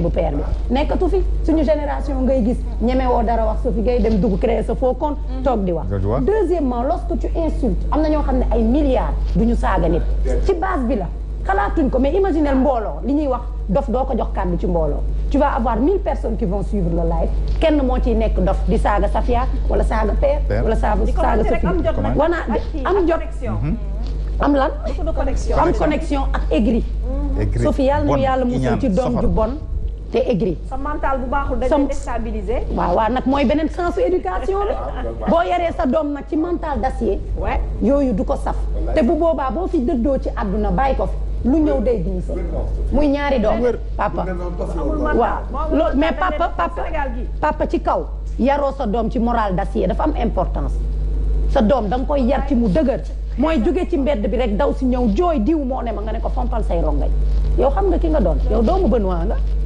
démb père bi nekkatu fi suñu génération ngay gis woo dara wax su fi ngay dem dugg créer sa faux compte mm. toog di wax deuxièmement lorsque tu insultes am na ñoo xam ne ay milliards du ñu saaga nit ci base bi la xalaatuñ ko mais imaginel mbooloo li ñuy wax dof doo ko jox kàddu ci mbooloo tu vas avoir mille personnes qui vont suivre la live kenn moo ciy nekk dof di saaga Safia wala saaga père wala saaga saaga Sophie wana am jot mhm. mm-hmm. am lan am connexion ak aigri Sophie yàlla na yàlla musal ci doom ju bon te aigri. sa mental bu baaxul dañ lay déstabiliser. waaw waaw nag mooy beneen sens éducation bi ah, boo yaree sa doom nag ci mental d'acier. yooyu du ko saf. te bu boobaa boo fi dëddoo ci àdduna bàyyi ko fi. lu ñëw day diis muy ñaari doom papa waaw loolu mais papa papa papa ci kaw yaroo sa doom ci moral d'acier dafa am importance sa doom da koy yar ci mu dëgër mooy jóge ci mbedd bi rek daw si ñëw jooy diw moo ne ma nga ne ko fompal say rongañ yow xam nga ki nga doon yow doomu Benoît nga